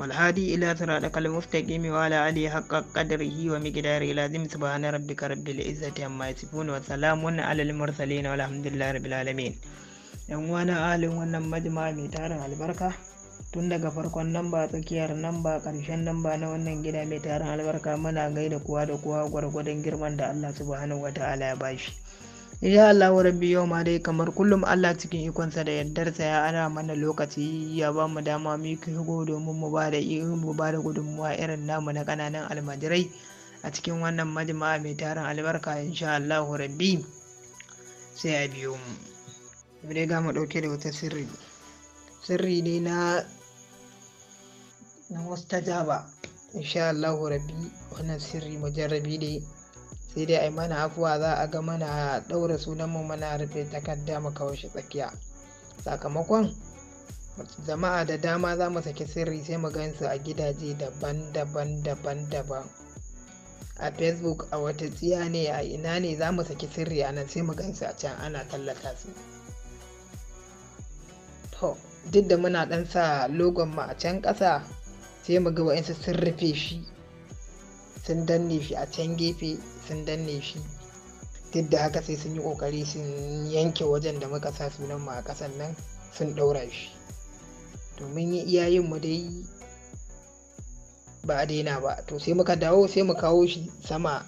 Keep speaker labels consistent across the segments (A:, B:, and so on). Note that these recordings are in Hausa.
A: والهادي إلى صراطك المستقيم وعلى علي حق قدره ومقداره لازم سبحان ربك رب العزة عما يصفون وسلام على المرسلين والحمد لله رب العالمين yan uwana ahalin wannan majima mai tarin albarka tun daga farkon namba tsakiyar namba karshen ba na wannan gida mai tarin albarka muna gaida kuwa da kuwa gwargwadon girman da allah subhanahu wa ta'ala ya bashi ya Allah rabbi yau ma dai kamar kullum Allah cikin ikonsa da yardarsa ya ana mana lokaci ya ba mu dama mu yi domin mu ba da mu ba da gudunmuwa irin namu na kananan almajirai a cikin wannan majma'a mai taron albarka insha Allah rabbi sai a biyo mu dai ga mu dauke da wata sirri sirri ne na na mustajaba insha Allah rabbi wannan sirri mujarrabi ne sai dai ai mana afuwa za a ga mana ɗaura mu mana rufe takarda mu kawo shi tsakiya sakamakon jama'a da dama za mu saki sirri sai mu gansu a gidaje daban-daban daban-daban a facebook a wata tsiya ne a ina ne za mu saki sirri a nan sai mu gansu a can ana tallata su to duk da muna ɗan sa logon mu a can ƙasa sai mu ga wa'insu sun rufe shi sun danne shi a can gefe sun danne shi duk da haka sai sun yi kokari sun yanke wajen da muka sa sunan mu a kasan nan sun ɗaura shi domin yi iyayen mu dai ba a daina ba to sai muka dawo sai mu kawo shi sama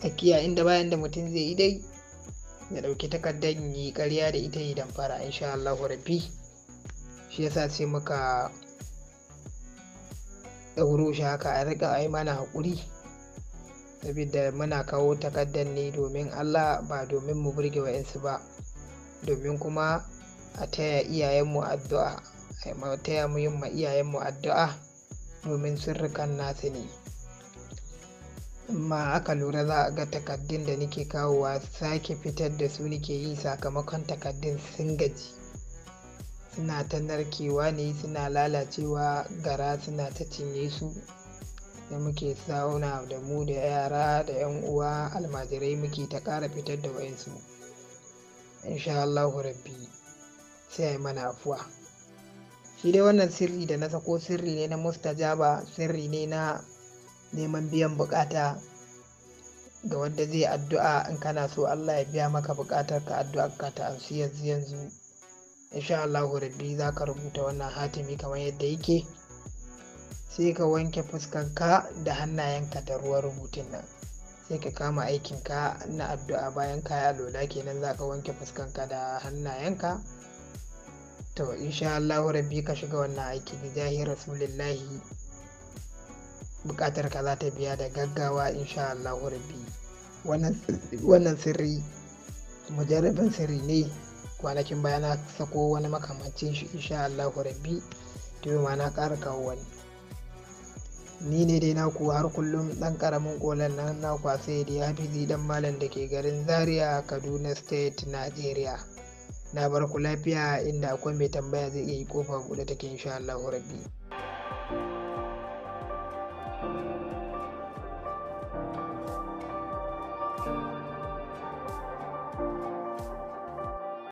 A: tsakiya inda bayan da mutum zai yi dai ya ɗauki takardar yi karya da ita yi damfara insha Allah rabbi shi yasa sai muka ɗauro shi haka a riƙa a yi mana haƙuri saboda muna kawo takardar ne domin allah ba domin mu burge wa'insu ba domin kuma a taya iyayenmu addu'a a taya mu yin ma iyayenmu addu'a domin sirrikan nasu ne ma aka lura za a ga takaddun da nake kawowa sake fitar da su nake yi sakamakon takaddun sun gaji suna ta narkewa ne suna lalacewa gara suna ta cinye su da muke zauna da mu da yara da yan uwa almajirai muke ta ƙara fitar da wayansu insha Allahu rabbi sai ai mana afuwa shi dai wannan sirri da na sako sirri ne na mustajaba sirri ne na neman biyan bukata ga wanda zai addu'a in kana so Allah ya biya maka bukatar ka addu'a ka ta amsi yanzu yanzu insha Allahu rabbi za ka rubuta wannan hatimi kamar yadda yake sai ka wanke fuskarka da hannayenka da ruwan rubutun nan sai ka kama aikinka na addu'a bayan ka yi alola kenan za ka wanke fuskanka da hannayenka to insha Allah rabbi ka shiga wannan aiki da jahi rasulillahi bukatar ka za ta biya da gaggawa insha Allah rabbi wannan sirri mujarrabin sirri ne kwanakin baya na sako wani makamancin shi insha Allah rabbi to ma na ƙara kawo wani ni ne dai naku har kullum ɗan karamin kolan nan naku a sai da fi dan malam da ke garin zaria kaduna state nigeria na barku lafiya inda akwai mai tambaya zai iya yi kofa buɗe take insha allahu rabbi